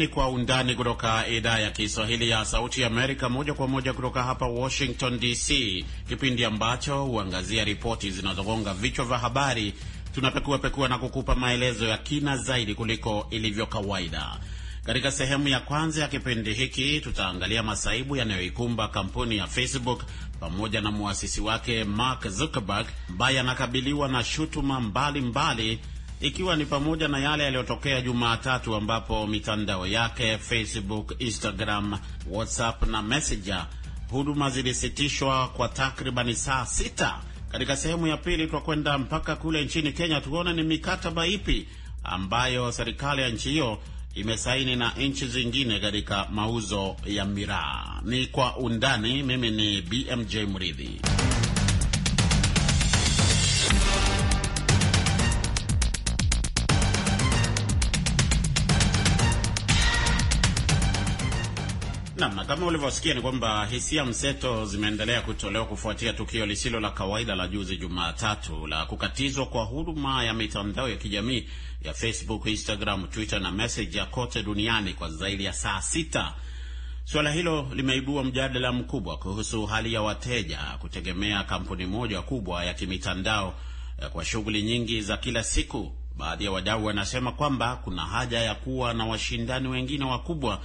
ni Kwa Undani kutoka idhaa ya Kiswahili ya Sauti Amerika, moja kwa moja kutoka hapa Washington DC, kipindi ambacho huangazia ripoti zinazogonga vichwa vya habari. Tunapekuapekua na kukupa maelezo ya kina zaidi kuliko ilivyo kawaida. Katika sehemu ya kwanza ya kipindi hiki tutaangalia masaibu yanayoikumba kampuni ya Facebook pamoja na mwasisi wake Mark Zuckerberg ambaye anakabiliwa na shutuma mbalimbali ikiwa ni pamoja na yale yaliyotokea Jumatatu ambapo mitandao yake Facebook, Instagram, WhatsApp na Messenger huduma zilisitishwa kwa takribani saa sita. Katika sehemu ya pili kwenda mpaka kule nchini Kenya tuone ni mikataba ipi ambayo serikali ya nchi hiyo imesaini na nchi zingine katika mauzo ya miraa. Ni kwa undani. Mimi ni BMJ Mridhi. Naam, kama ulivyosikia ni kwamba hisia mseto zimeendelea kutolewa kufuatia tukio lisilo la kawaida la juzi Jumatatu la kukatizwa kwa huduma ya mitandao ya kijamii ya Facebook, Instagram, Twitter na Messenger kote duniani kwa zaidi ya saa sita. Suala hilo limeibua mjadala mkubwa kuhusu hali ya wateja kutegemea kampuni moja kubwa ya kimitandao eh, kwa shughuli nyingi za kila siku. Baadhi ya wadau wanasema kwamba kuna haja ya kuwa na washindani wengine wakubwa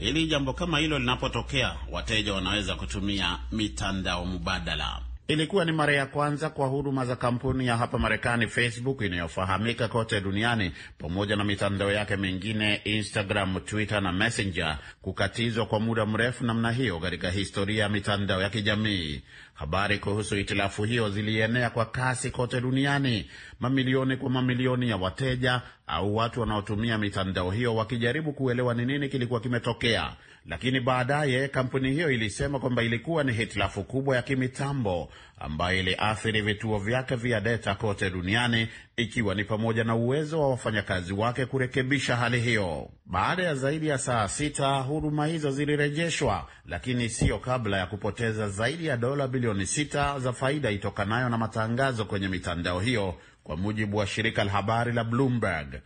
ili jambo kama hilo linapotokea, wateja wanaweza kutumia mitandao mubadala. Ilikuwa ni mara ya kwanza kwa huduma za kampuni ya hapa Marekani Facebook inayofahamika kote duniani pamoja na mitandao yake mingine Instagram, Twitter na Messenger kukatizwa kwa muda mrefu namna hiyo katika historia ya mitandao ya kijamii. Habari kuhusu hitilafu hiyo zilienea kwa kasi kote duniani, mamilioni kwa mamilioni ya wateja au watu wanaotumia mitandao hiyo wakijaribu kuelewa ni nini kilikuwa kimetokea lakini baadaye kampuni hiyo ilisema kwamba ilikuwa ni hitilafu kubwa ya kimitambo ambayo iliathiri vituo vyake vya deta kote duniani ikiwa ni pamoja na uwezo wa wafanyakazi wake kurekebisha hali hiyo. Baada ya zaidi ya saa sita, huduma hizo zilirejeshwa, lakini siyo kabla ya kupoteza zaidi ya dola bilioni sita za faida itokanayo na matangazo kwenye mitandao hiyo, kwa mujibu wa shirika la habari la Bloomberg.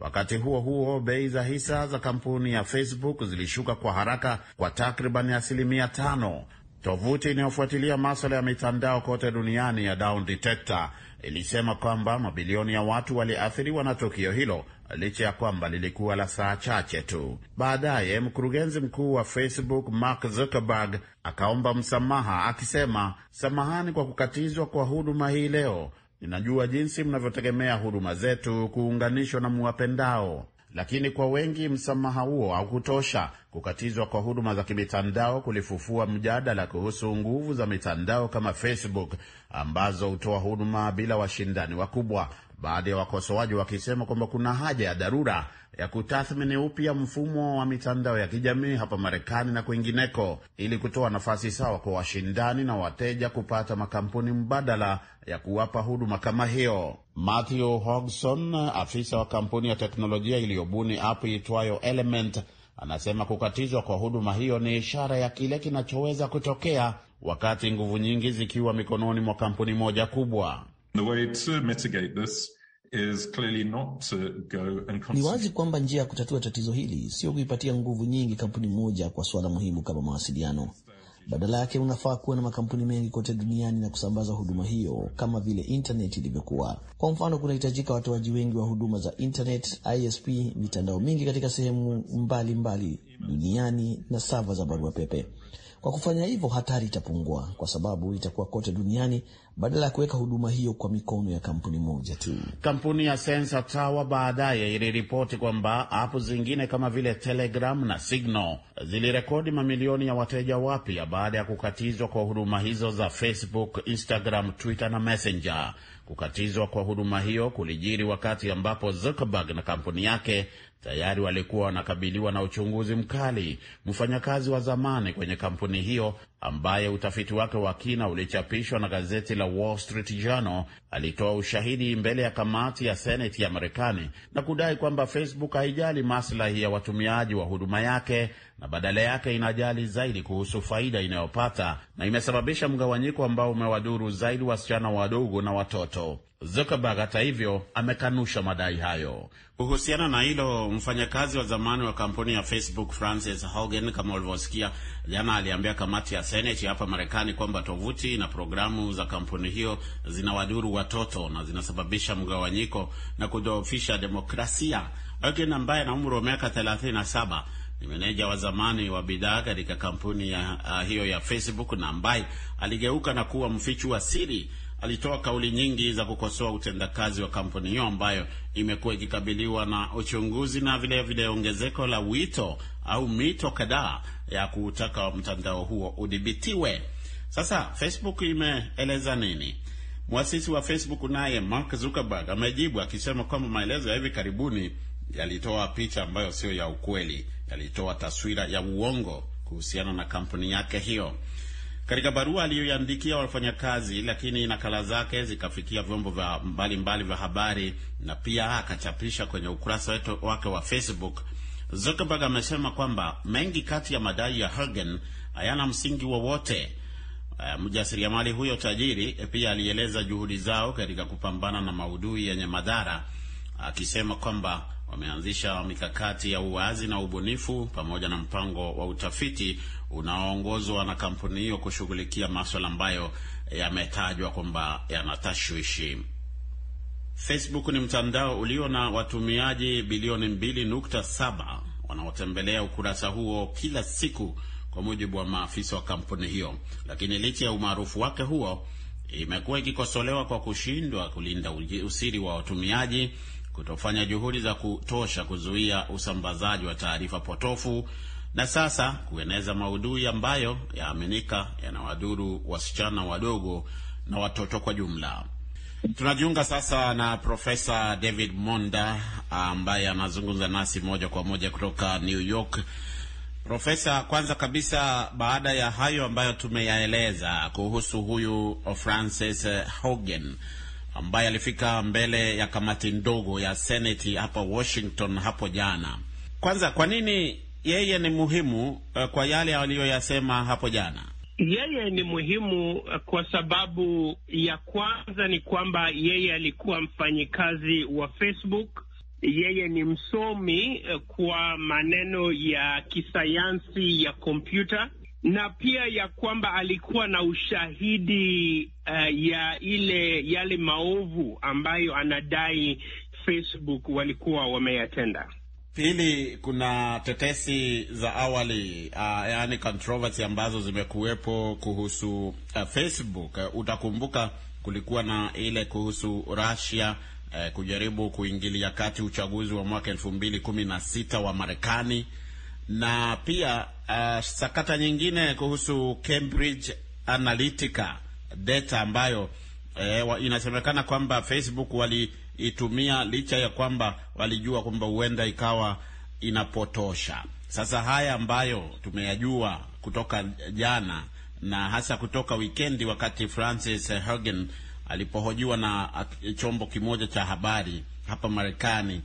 Wakati huo huo, bei za hisa za kampuni ya Facebook zilishuka kwa haraka kwa takriban asilimia tano. Tovuti inayofuatilia maswala ya mitandao kote duniani ya Down Detector ilisema kwamba mabilioni ya watu waliathiriwa na tukio hilo licha ya kwamba lilikuwa la saa chache tu. Baadaye mkurugenzi mkuu wa Facebook Mark Zuckerberg akaomba msamaha akisema, samahani kwa kukatizwa kwa huduma hii leo Ninajua jinsi mnavyotegemea huduma zetu kuunganishwa na muwapendao, lakini kwa wengi msamaha huo haukutosha. Kukatizwa kwa huduma za kimitandao kulifufua mjadala kuhusu nguvu za mitandao kama Facebook ambazo hutoa huduma bila washindani wakubwa baadhi ya wakosoaji wakisema kwamba kuna haja ya dharura ya kutathmini upya mfumo wa mitandao ya kijamii hapa Marekani na kwingineko ili kutoa nafasi sawa kwa washindani na wateja kupata makampuni mbadala ya kuwapa huduma kama hiyo. Matthew Hogson, afisa wa kampuni ya teknolojia iliyobuni app itwayo Element, anasema kukatizwa kwa huduma hiyo ni ishara ya kile kinachoweza kutokea wakati nguvu nyingi zikiwa mikononi mwa kampuni moja kubwa. Ni wazi kwamba njia ya kutatua tatizo hili sio kuipatia nguvu nyingi kampuni moja kwa suala muhimu kama mawasiliano. Badala yake unafaa kuwa na makampuni mengi kote duniani na kusambaza huduma hiyo kama vile intaneti ilivyokuwa. Kwa mfano, kunahitajika watoaji wengi wa huduma za internet, ISP, mitandao mingi katika sehemu mbalimbali mbali duniani na sava za barua pepe. Kwa kufanya hivyo, hatari itapungua kwa sababu itakuwa kote duniani badala ya kuweka huduma hiyo kwa mikono ya kampuni moja tu. Kampuni ya Sensa Tower baadaye iliripoti kwamba apu zingine kama vile Telegram na Signal zilirekodi mamilioni ya wateja wapya baada ya kukatizwa kwa huduma hizo za Facebook, Instagram, Twitter na Messenger. Kukatizwa kwa huduma hiyo kulijiri wakati ambapo Zuckerberg na kampuni yake tayari walikuwa wanakabiliwa na uchunguzi mkali. Mfanyakazi wa zamani kwenye kampuni hiyo ambaye utafiti wake wa kina ulichapishwa na gazeti la Wall Street Journal alitoa ushahidi mbele ya kamati ya Seneti ya Marekani na kudai kwamba Facebook haijali maslahi ya watumiaji wa huduma yake na badala yake inajali zaidi kuhusu faida inayopata, na imesababisha mgawanyiko ambao umewadhuru zaidi wasichana wadogo na watoto. Zuckerberg hata hivyo amekanusha madai hayo. Kuhusiana na hilo, mfanyakazi wa zamani wa kampuni ya Facebook Francis Hogan, kama ulivyosikia jana, aliambia kamati ya Seneti hapa Marekani kwamba tovuti na programu za kampuni hiyo zinawadhuru watoto na zinasababisha mgawanyiko na kudhoofisha demokrasia. Hogan ambaye ana umri wa miaka 37 ni meneja wa zamani wa bidhaa katika kampuni ya, uh, hiyo ya Facebook na ambaye aligeuka na kuwa mfichu wa siri alitoa kauli nyingi za kukosoa utendakazi wa kampuni hiyo ambayo imekuwa ikikabiliwa na uchunguzi na vilevile ongezeko la wito au mito kadhaa ya kutaka mtandao huo udhibitiwe. Sasa Facebook imeeleza nini? Mwasisi wa Facebook naye Mark Zuckerberg amejibu akisema kwamba maelezo ya hivi karibuni yalitoa picha ambayo sio ya ukweli, yalitoa taswira ya uongo kuhusiana na kampuni yake hiyo katika barua aliyoiandikia wafanyakazi, lakini nakala zake zikafikia vyombo vya mbalimbali vya habari na pia akachapisha kwenye ukurasa wake wa Facebook. Zuckerberg amesema kwamba mengi kati ya madai ya Hagen hayana msingi wowote. Uh, mjasiriamali huyo tajiri eh, pia alieleza juhudi zao katika kupambana na maudhui yenye madhara akisema uh, kwamba wameanzisha mikakati ya uwazi na ubunifu pamoja na mpango wa utafiti unaoongozwa na kampuni hiyo kushughulikia maswala ambayo yametajwa kwamba yanatashwishi Facebook ni mtandao ulio na watumiaji bilioni 2.7 wanaotembelea ukurasa huo kila siku kwa mujibu wa maafisa wa kampuni hiyo. Lakini licha ya umaarufu wake huo, imekuwa ikikosolewa kwa kushindwa kulinda usiri wa watumiaji, kutofanya juhudi za kutosha kuzuia usambazaji wa taarifa potofu na sasa kueneza maudhui ambayo yaaminika yanawadhuru wasichana wadogo na watoto kwa jumla. Tunajiunga sasa na Profesa David Monda ambaye anazungumza nasi moja kwa moja kutoka New York. Profesa, kwanza kabisa, baada ya hayo ambayo tumeyaeleza kuhusu huyu Francis Hogan ambaye alifika mbele ya kamati ndogo ya Seneti hapa Washington hapo jana, kwanza kwa nini yeye ni muhimu uh, kwa yale aliyoyasema hapo jana. Yeye ni muhimu eh, kwa sababu ya kwanza ni kwamba yeye alikuwa mfanyikazi wa Facebook. Yeye ni msomi eh, kwa maneno ya kisayansi ya kompyuta na pia ya kwamba alikuwa na ushahidi uh, ya ile yale maovu ambayo anadai Facebook walikuwa wameyatenda. Pili, kuna tetesi za awali uh, yani controversy ambazo zimekuwepo kuhusu uh, Facebook. Uh, utakumbuka kulikuwa na ile kuhusu Russia uh, kujaribu kuingilia kati uchaguzi wa mwaka elfu mbili kumi na sita wa Marekani na pia uh, sakata nyingine kuhusu Cambridge Analytica data ambayo uh, inasemekana kwamba Facebook wali kuitumia licha ya kwamba walijua kwamba huenda ikawa inapotosha. Sasa haya ambayo tumeyajua kutoka jana na hasa kutoka wikendi, wakati Francis Haugen alipohojiwa na chombo kimoja cha habari hapa Marekani,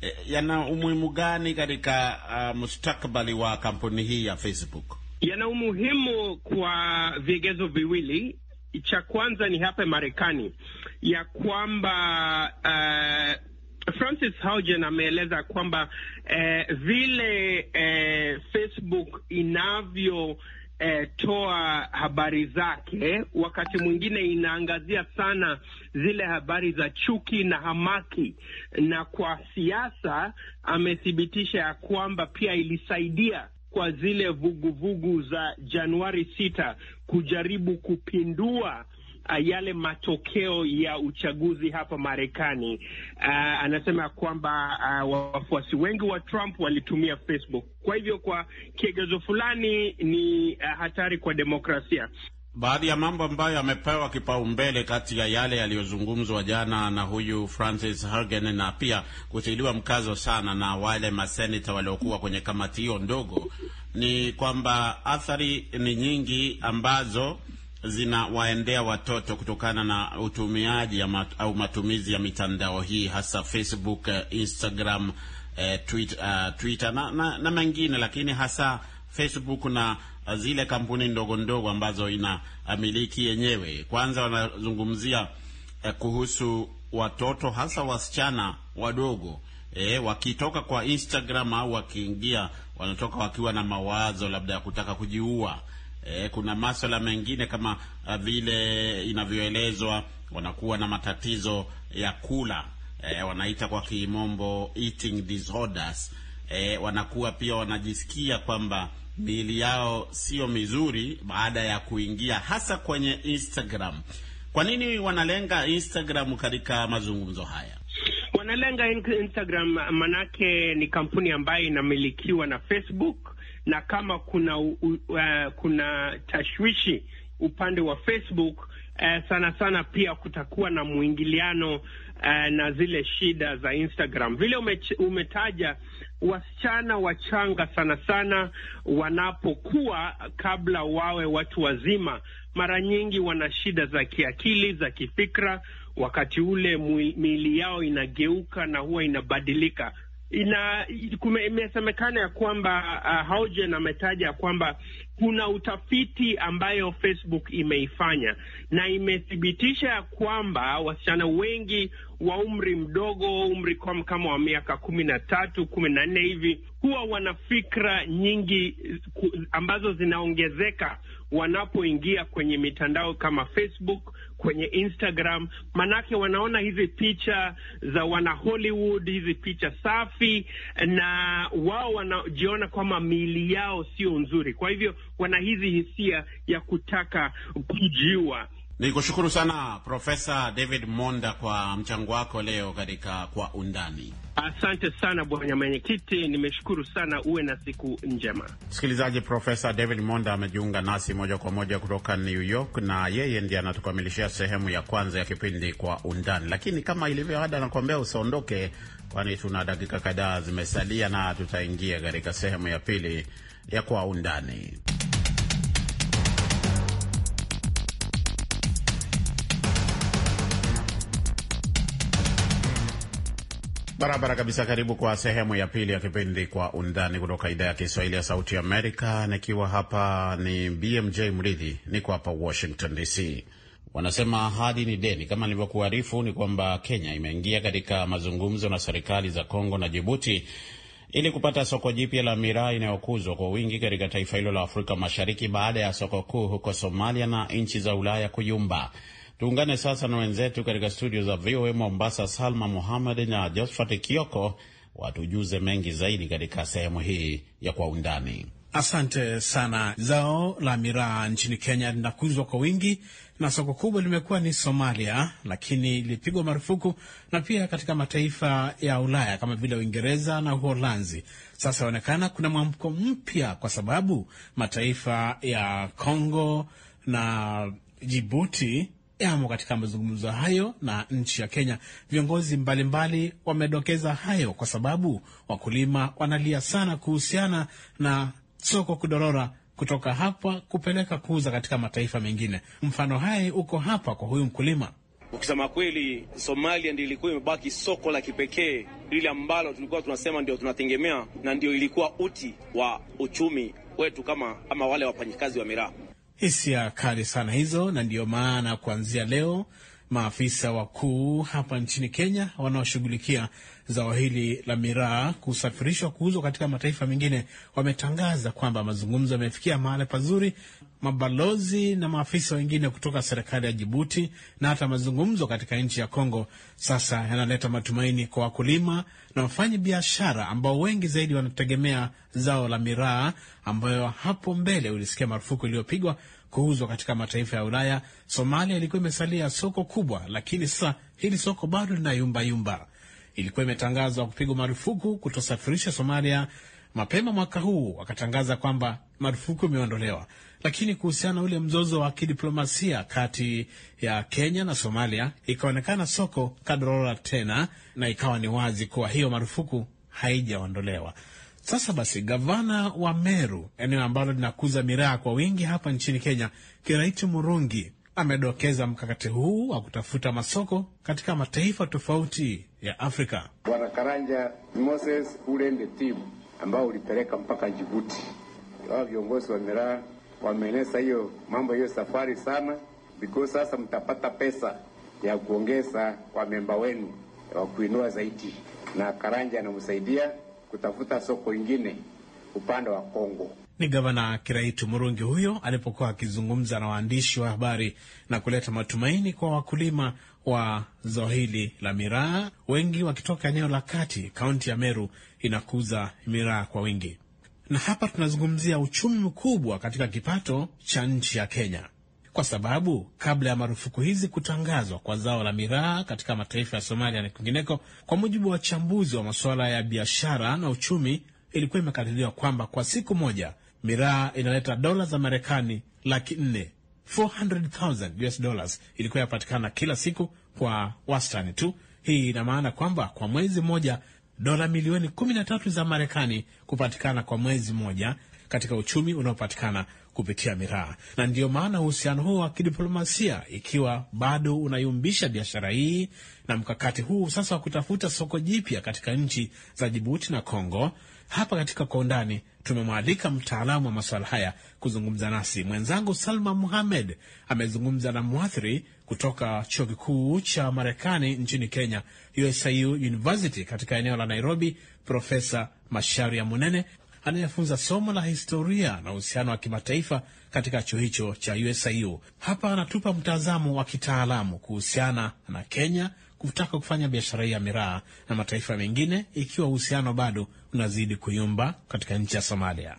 eh, yana umuhimu gani katika uh, mustakabali wa kampuni hii ya Facebook? Yana umuhimu kwa vigezo viwili. Cha kwanza ni hapa Marekani, ya kwamba uh, Francis Haugen ameeleza kwamba eh, vile eh, Facebook inavyotoa eh, habari zake, wakati mwingine inaangazia sana zile habari za chuki na hamaki, na kwa siasa amethibitisha ya kwamba pia ilisaidia kwa zile vuguvugu vugu za Januari sita kujaribu kupindua Uh, yale matokeo ya uchaguzi hapa Marekani. Uh, anasema kwamba uh, wafuasi wengi wa Trump walitumia Facebook. Kwa hivyo kwa kiegezo fulani ni uh, hatari kwa demokrasia. Baadhi ya mambo ambayo yamepewa kipaumbele kati ya yale yaliyozungumzwa jana na huyu Francis Hagen na pia kutiliwa mkazo sana na wale maseneta waliokuwa kwenye kamati hiyo ndogo ni kwamba athari ni nyingi ambazo zinawaendea watoto kutokana na utumiaji mat, au matumizi ya mitandao hii hasa Facebook, eh, Instagram, eh, tweet, uh, ah, Twitter na, na, na mengine, lakini hasa Facebook na zile kampuni ndogo ndogo ambazo inamiliki ah, yenyewe. Kwanza wanazungumzia eh, kuhusu watoto hasa wasichana wadogo eh, wakitoka kwa Instagram au wakiingia wanatoka wakiwa na mawazo labda ya kutaka kujiua e, kuna maswala mengine kama eh, vile inavyoelezwa wanakuwa na matatizo ya kula e, wanaita kwa kimombo eating disorders e, wanakuwa pia wanajisikia kwamba miili yao sio mizuri baada ya kuingia hasa kwenye Instagram. Kwa nini wanalenga Instagram katika mazungumzo haya? Wanalenga Instagram manake ni kampuni ambayo inamilikiwa na Facebook na kama kuna uh, uh, kuna tashwishi upande wa Facebook uh, sana sana pia kutakuwa na mwingiliano uh, na zile shida za Instagram vile ume, umetaja wasichana wachanga sana sana wanapokuwa kabla wawe watu wazima, mara nyingi wana shida za kiakili, za kifikra. Wakati ule miili yao inageuka na huwa inabadilika ina imesemekana ya kwamba uh, Haugen ametaja kwamba kuna utafiti ambayo Facebook imeifanya na imethibitisha ya kwamba wasichana wengi wa umri mdogo, umri kwa kama wa miaka kumi na tatu kumi na nne hivi, huwa wana fikra nyingi ambazo zinaongezeka wanapoingia kwenye mitandao kama Facebook, kwenye Instagram, manake wanaona hizi picha za wana Hollywood, hizi picha safi, na wao wanajiona kwamba miili yao sio nzuri. Kwa hivyo wana hizi hisia ya kutaka kujiwa ni kushukuru sana Profesa David Monda kwa mchango wako leo katika Kwa Undani. Asante sana bwana mwenyekiti, nimeshukuru sana. Uwe na siku njema. Msikilizaji, Profesa David Monda amejiunga nasi moja kwa moja kutoka New York, na yeye ndiye anatukamilishia sehemu ya kwanza ya kipindi Kwa Undani. Lakini kama ilivyo ada, nakuambia usiondoke, kwani tuna dakika kadhaa zimesalia, na tutaingia katika sehemu ya pili ya Kwa Undani. Barabara kabisa. Karibu kwa sehemu ya pili ya kipindi Kwa Undani kutoka idhaa ya Kiswahili ya Sauti Amerika, nikiwa hapa ni BMJ Mridhi, niko hapa Washington DC. Wanasema ahadi ni deni. Kama nilivyokuarifu, ni kwamba Kenya imeingia katika mazungumzo na serikali za Kongo na Jibuti ili kupata soko jipya la miraa inayokuzwa kwa wingi katika taifa hilo la Afrika Mashariki baada ya soko kuu huko Somalia na nchi za Ulaya kuyumba. Tuungane sasa na wenzetu katika studio za VOA Mombasa, Salma Muhamed na Josphat Kioko watujuze mengi zaidi katika sehemu hii ya Kwa Undani. Asante sana. Zao la miraa nchini Kenya linakuzwa kwa wingi na soko kubwa limekuwa ni Somalia, lakini ilipigwa marufuku na pia katika mataifa ya Ulaya kama vile Uingereza na Uholanzi. Sasa inaonekana kuna mwamko mpya, kwa sababu mataifa ya Kongo na Jibuti yamo katika mazungumzo hayo na nchi ya Kenya. Viongozi mbalimbali wamedokeza hayo kwa sababu wakulima wanalia sana kuhusiana na soko kudorora kutoka hapa kupeleka kuuza katika mataifa mengine. Mfano haye uko hapa kwa huyu mkulima. Ukisema kweli, Somalia ndio ilikuwa imebaki soko la kipekee lile ambalo tulikuwa tunasema ndio tunategemea na ndio ilikuwa uti wa uchumi wetu kama ama wale wafanyikazi wa miraa. Hisia kali sana hizo, na ndiyo maana kuanzia leo maafisa wakuu hapa nchini Kenya wanaoshughulikia zao hili la miraa kusafirishwa kuuzwa katika mataifa mengine wametangaza kwamba mazungumzo yamefikia mahali pazuri mabalozi na maafisa wengine kutoka serikali ya Jibuti na hata mazungumzo katika nchi ya Kongo sasa yanaleta matumaini kwa wakulima na wafanyi biashara ambao wengi zaidi wanategemea zao la miraa ambayo hapo mbele ulisikia marufuku iliyopigwa kuuzwa katika mataifa ya Ulaya. Somalia ilikuwa imesalia soko kubwa, lakini sasa hili soko bado linayumbayumba. Ilikuwa imetangazwa kupigwa marufuku kutosafirisha Somalia mapema mwaka huu, wakatangaza kwamba marufuku imeondolewa, lakini kuhusiana ule mzozo wa kidiplomasia kati ya Kenya na Somalia, ikaonekana soko kadorora tena, na ikawa ni wazi kuwa hiyo marufuku haijaondolewa. Sasa basi, gavana wa Meru, eneo ambalo linakuza miraa kwa wingi hapa nchini Kenya, Kiraiti Murungi amedokeza mkakati huu wa kutafuta masoko katika mataifa tofauti ya Afrika. Bwana Karanja Moses ule ndiye timu ambao ulipeleka mpaka Jibuti hawa viongozi wa miraa wameeleza hiyo mambo hiyo safari sana, because sasa mtapata pesa ya kuongeza kwa memba wenu wa kuinua zaidi, na Karanja anamsaidia kutafuta soko ingine upande wa Kongo. Ni gavana Kiraitu Murungi huyo alipokuwa akizungumza na waandishi wa habari na kuleta matumaini kwa wakulima wa zao hili la miraa, wengi wakitoka eneo la kati. Kaunti ya Meru inakuza miraa kwa wingi na hapa tunazungumzia uchumi mkubwa katika kipato cha nchi ya Kenya, kwa sababu kabla ya marufuku hizi kutangazwa kwa zao la miraa katika mataifa ya Somalia na kwingineko, kwa mujibu wa wachambuzi wa masuala ya biashara na uchumi, ilikuwa imekadiriwa kwamba kwa siku moja miraa inaleta dola za Marekani laki nne 400,000 US dollars ilikuwa yapatikana kila siku kwa wastani tu. Hii ina maana kwamba kwa mwezi mmoja dola milioni 13 za Marekani kupatikana kwa mwezi mmoja katika uchumi unaopatikana kupitia miraa. Na ndiyo maana uhusiano huo wa kidiplomasia, ikiwa bado unayumbisha biashara hii na mkakati huu sasa wa kutafuta soko jipya katika nchi za Jibuti na Kongo. Hapa katika Kwa Undani tumemwalika mtaalamu wa masuala haya kuzungumza nasi. Mwenzangu Salma Muhamed amezungumza na mwathiri kutoka chuo kikuu cha Marekani nchini Kenya, USIU University katika eneo la Nairobi, Profesa Masharia Munene anayefunza somo la historia na uhusiano wa kimataifa katika chuo hicho cha USIU. Hapa anatupa mtazamo wa kitaalamu kuhusiana na Kenya kutaka kufanya biashara hii ya miraa na mataifa mengine, ikiwa uhusiano bado unazidi kuyumba katika nchi ya Somalia.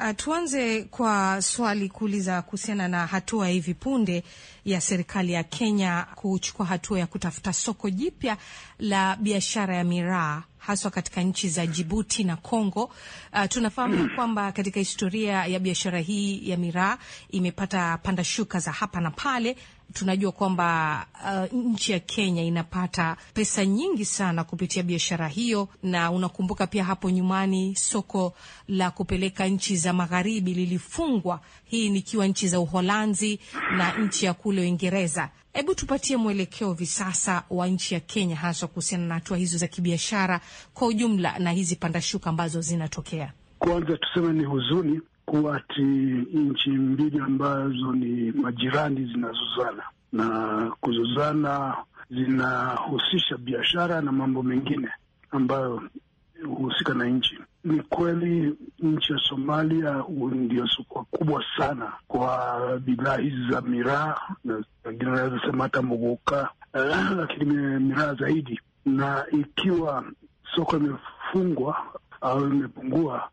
Uh, tuanze kwa swali kuuliza kuhusiana na hatua ya hivi punde ya serikali ya Kenya kuchukua hatua ya kutafuta soko jipya la biashara ya miraa haswa katika nchi za Jibuti na Kongo. Uh, tunafahamu kwamba katika historia ya biashara hii ya miraa imepata panda shuka za hapa na pale tunajua kwamba uh, nchi ya Kenya inapata pesa nyingi sana kupitia biashara hiyo, na unakumbuka pia hapo nyumani soko la kupeleka nchi za magharibi lilifungwa, hii nikiwa nchi za Uholanzi na nchi ya kule Uingereza. Hebu tupatie mwelekeo hivi sasa wa nchi ya Kenya haswa kuhusiana na hatua hizo za kibiashara kwa ujumla na hizi pandashuka ambazo zinatokea. Kwanza tuseme ni huzuni kuwa ati nchi mbili ambazo ni majirani zinazozana na kuzozana zinahusisha biashara na mambo mengine ambayo huhusika na nchi. Ni kweli nchi ya Somalia ndio soko kubwa sana kwa bidhaa hizi za miraa, na wengine wanaweza sema hata mogoka, lakini miraa zaidi. Na ikiwa soko imefungwa au imepungua,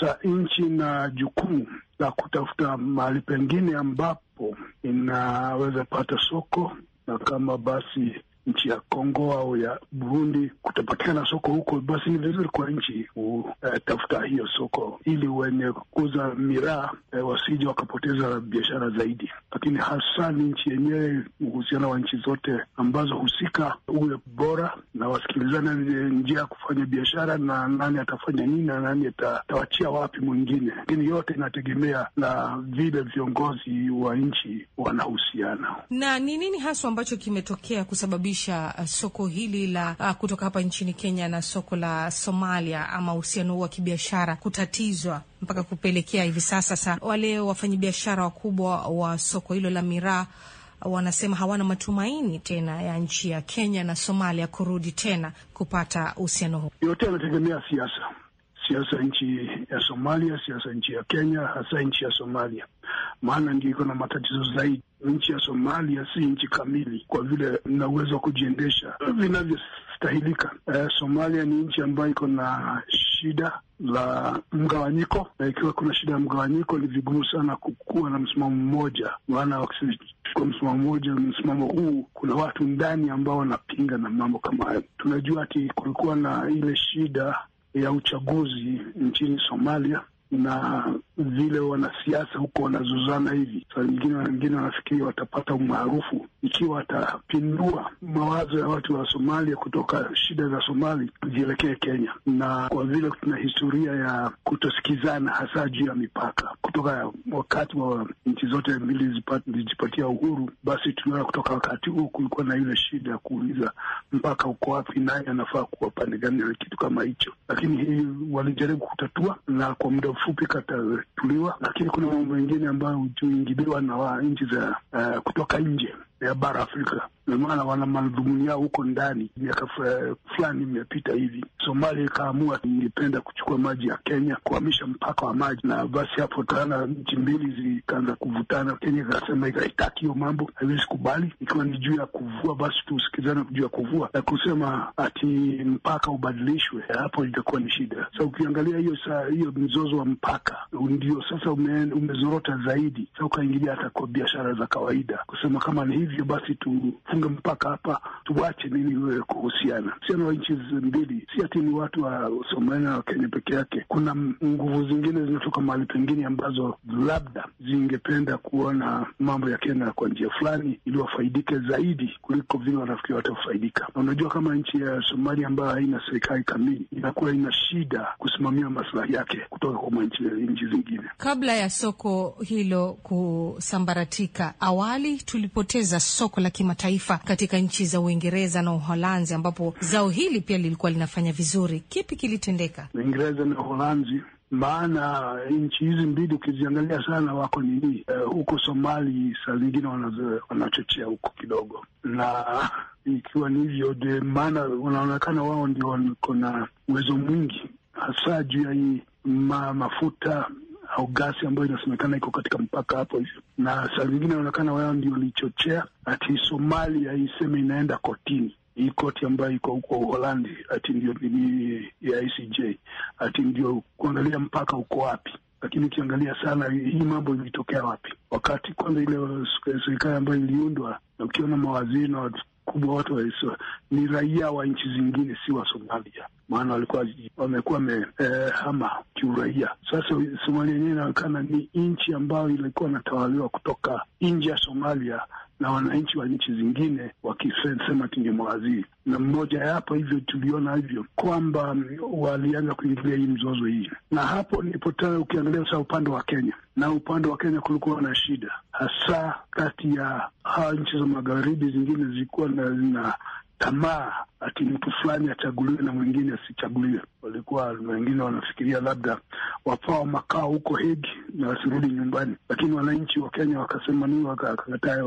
sa nchi na jukumu la kutafuta mahali pengine ambapo inaweza pata soko, na kama basi nchi ya Kongo au ya Burundi kutapatikana soko huko, basi ni vizuri kwa nchi kutafuta uh, hiyo soko ili wenye kuuza miraa uh, wasije wakapoteza biashara zaidi, lakini hasa ni nchi yenyewe, uhusiano wa nchi zote ambazo husika uwe bora na wasikilizana njia ya kufanya biashara, na nani atafanya nini na nani atawachia wapi mwingine, lakini yote inategemea na vile viongozi wa nchi wanahusiana. Na ni nini haswa ambacho kimetokea kusababisha kuunganisha uh, soko hili la uh, kutoka hapa nchini Kenya na soko la Somalia ama uhusiano huu wa kibiashara kutatizwa mpaka kupelekea hivi sasa sa wale wafanyabiashara wakubwa wa soko hilo la miraa uh, wanasema hawana matumaini tena ya nchi ya Kenya na Somalia kurudi tena kupata uhusiano huu. Yote yanategemea siasa, siasa nchi ya Somalia, siasa nchi ya Kenya, hasa nchi ya Somalia maana ndio iko na matatizo zaidi. Nchi ya Somalia si nchi kamili kwa vile na uwezo wa kujiendesha vinavyostahilika. Eh, Somalia ni nchi ambayo iko na shida la mgawanyiko, na eh, ikiwa kuna shida ya mgawanyiko ni vigumu sana kukuwa na msimamo mmoja, maana wakichukua msimamo mmoja, msimamo huu, kuna watu ndani ambao wanapinga na mambo kama hayo. Tunajua ati kulikuwa na ile shida ya uchaguzi nchini Somalia na vile wanasiasa huko wanazozana hivi, saa nyingine wengine wanafikiri watapata umaarufu ikiwa atapindua mawazo ya watu wa Somalia kutoka shida za Somali zielekee Kenya, na kwa vile tuna historia ya kutosikizana hasa juu ya mipaka kutoka wakati wa nchi zote mbili zilijipatia uhuru, basi tunaona kutoka wakati huu kulikuwa na ile shida ya kuuliza mpaka uko wapi, naye anafaa kuwa pande gani na kitu kama hicho, lakini hii walijaribu kutatua na kwa muda mfupi kata kuchukuliwa, lakini kuna mambo mengine ambayo huingiliwa na nchi za uh, kutoka nje ya bara Afrika. Ndio maana wana madhumuni yao huko ndani. Miaka fulani imepita hivi, Somalia ikaamua ingependa kuchukua maji ya Kenya, kuhamisha mpaka wa maji, na basi hapo tana nchi mbili zikaanza kuvutana. Kenya ikasema ikaitaki hiyo mambo, haiwezi kubali, ikiwa ni juu ya kuvua, basi tusikizana juu ya kuvua, na kusema ati mpaka ubadilishwe, hapo itakuwa ni shida. Sa ukiangalia hiyo saa hiyo mzozo wa mpaka ndio sasa ume, umezorota zaidi. Sa ukaingilia hata kwa biashara za kawaida, kusema kama ni hivi hivyo basi tufunge mpaka hapa, tuwache nini iwe kuhusiana uhusiano wa nchi mbili, si ati ni watu wa Somalia na Kenya peke yake. Kuna nguvu zingine zinatoka mahali pengine ambazo labda zingependa kuona mambo ya Kenya kwa njia fulani, ili wafaidike zaidi kuliko vile wanafikiri watafaidika. Na unajua kama nchi ya Somalia ambayo haina serikali kamili inakuwa ina shida kusimamia maslahi yake kutoka kwa nchi zingine. Kabla ya soko hilo kusambaratika, awali tulipoteza soko la kimataifa katika nchi za Uingereza na Uholanzi, ambapo zao hili pia lilikuwa linafanya vizuri. Kipi kilitendeka Uingereza na Uholanzi? Maana nchi hizi mbili ukiziangalia sana wako nini eh, huko, uh, Somali saa zingine wanachochea huko kidogo, na ikiwa ni hivyo, maana wanaonekana wao ndio wako na uwezo mwingi, hasa juu ya hii ma, mafuta au gasi ambayo inasemekana iko katika mpaka hapo hivyo na saa zingine inaonekana wao ndio walichochea ati Somalia iseme inaenda kotini hii koti ambayo iko huko Uholandi ati ndio ni ya ICJ ati ndio kuangalia mpaka uko wapi, lakini ukiangalia sana hii mambo ilitokea wapi? Wakati kwanza ile serikali ambayo iliundwa, na ukiona mawaziri na wakubwa wote ni raia wa nchi zingine, si wa Somalia maana walikuwa wamekuwa wamehama eh, kiuraia. Sasa Somalia yenyewe inaonekana ni nchi ambayo ilikuwa inatawaliwa kutoka nje ya Somalia na wananchi wa nchi zingine wakisema mawaziri na mmoja yapo hivyo, tuliona hivyo kwamba mm, walianza kuingilia hii mzozo hii, na hapo nilipotana. Ukiangalia sasa upande wa Kenya na upande wa Kenya kulikuwa na shida hasa kati ya hawa nchi za magharibi, zingine zilikuwa na tamaa ati mtu fulani achaguliwe na mwingine asichaguliwe. Walikuwa wengine wanafikiria labda wapaa makao huko Hegi na wasirudi nyumbani, lakini wananchi wa Kenya wakasema nini, Wakakatae,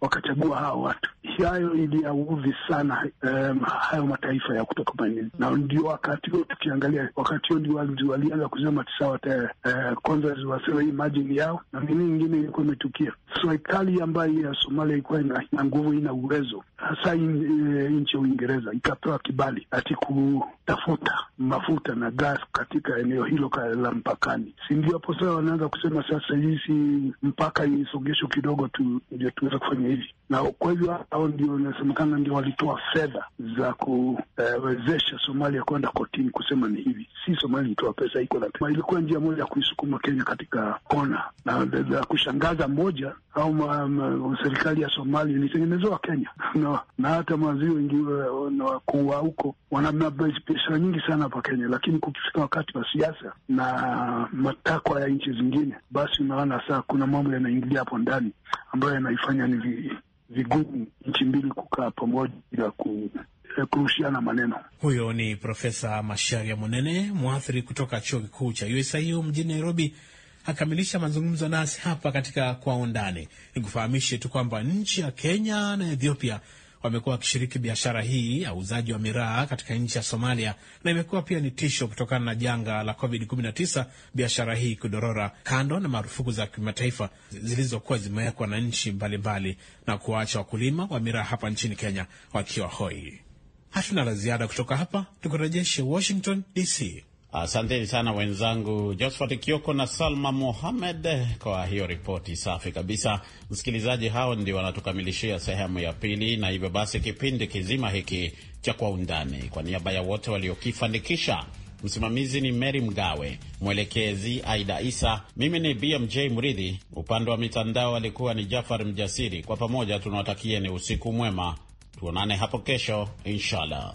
wakachagua hawa watu. Hayo iliyaudhi sana um, hayo mataifa ya kutoka maeneo, na ndio wakati huo tukiangalia, wakati huo ndio walianza kusema tisawa uh, eh, kwanza ziwasema hii majini yao na nini ingine ilikuwa imetukia. Serikali ambayo ya Somalia ilikuwa ina nguvu, ina uwezo hasa eh, nchi ya Uingereza ikatoa kibali ati kutafuta mafuta na gas katika eneo hilo la mpakani, si ndio? Hapo sasa wanaanza kusema sasa hizi mpaka isogeshwe kidogo tu ndio tuweza kufanya hivi na kwa hivyo hao ndio inasemekana ndio walitoa fedha za kuwezesha Somalia kwenda kotini kusema ni hivi, si Somalia ilitoa pesa iko na, ilikuwa njia moja ya kuisukuma Kenya katika kona. Na za kushangaza moja au serikali ya Somalia ilitengenezewa Kenya no, na hata maziwa wengine uh, wakuu wa huko wana pesa nyingi sana hapa Kenya, lakini kukifika wakati wa siasa na matakwa ya nchi zingine, basi unaona saa kuna mambo yanaingilia hapo ndani ambayo yanaifanya ni vigumu nchi mbili kukaa pamoja bila ku eh, kurushiana maneno. Huyo ni Profesa Masharia Munene, mwathiri kutoka chuo kikuu cha USIU mjini Nairobi, akamilisha mazungumzo nasi hapa katika Kwa Undani. Nikufahamishe tu kwamba nchi ya Kenya na Ethiopia wamekuwa wakishiriki biashara hii ya uuzaji wa miraa katika nchi ya Somalia, na imekuwa pia ni tisho kutokana na janga la COVID-19, biashara hii kudorora, kando na marufuku za kimataifa zilizokuwa zimewekwa na nchi mbalimbali, na kuwaacha wakulima wa miraa hapa nchini Kenya wakiwa hoi. Hatuna la ziada kutoka hapa, tukurejeshe Washington DC. Asanteni sana wenzangu Josphat Kioko na Salma Mohamed kwa hiyo ripoti safi kabisa. Msikilizaji, hao ndio wanatukamilishia sehemu ya pili, na hivyo basi kipindi kizima hiki cha Kwa Undani, kwa niaba ya wote waliokifanikisha, msimamizi ni Mary Mgawe, mwelekezi Aida Isa, mimi ni BMJ Mridhi, upande wa mitandao alikuwa ni Jafar Mjasiri. Kwa pamoja tunawatakieni usiku mwema, tuonane hapo kesho inshallah.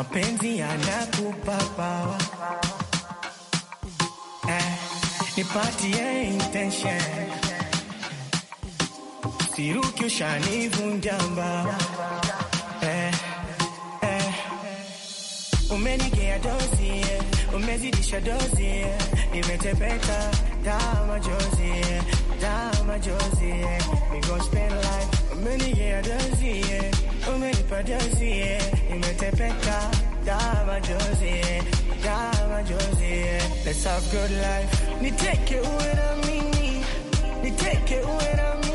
mapenzi yanakupa pawa eh, nipatie intention siruki ushanivunja mbawa eh, eh, umenigea dozi eh. umezidisha dozi eh. nimetepeka kama jozi kama eh. jozi, because pain life umenigea dozi Umenipa jozi, nimetepeka dawa jozi, dawa jozi. Let's have good life. Niteke uwe na mimi, niteke uwe na mimi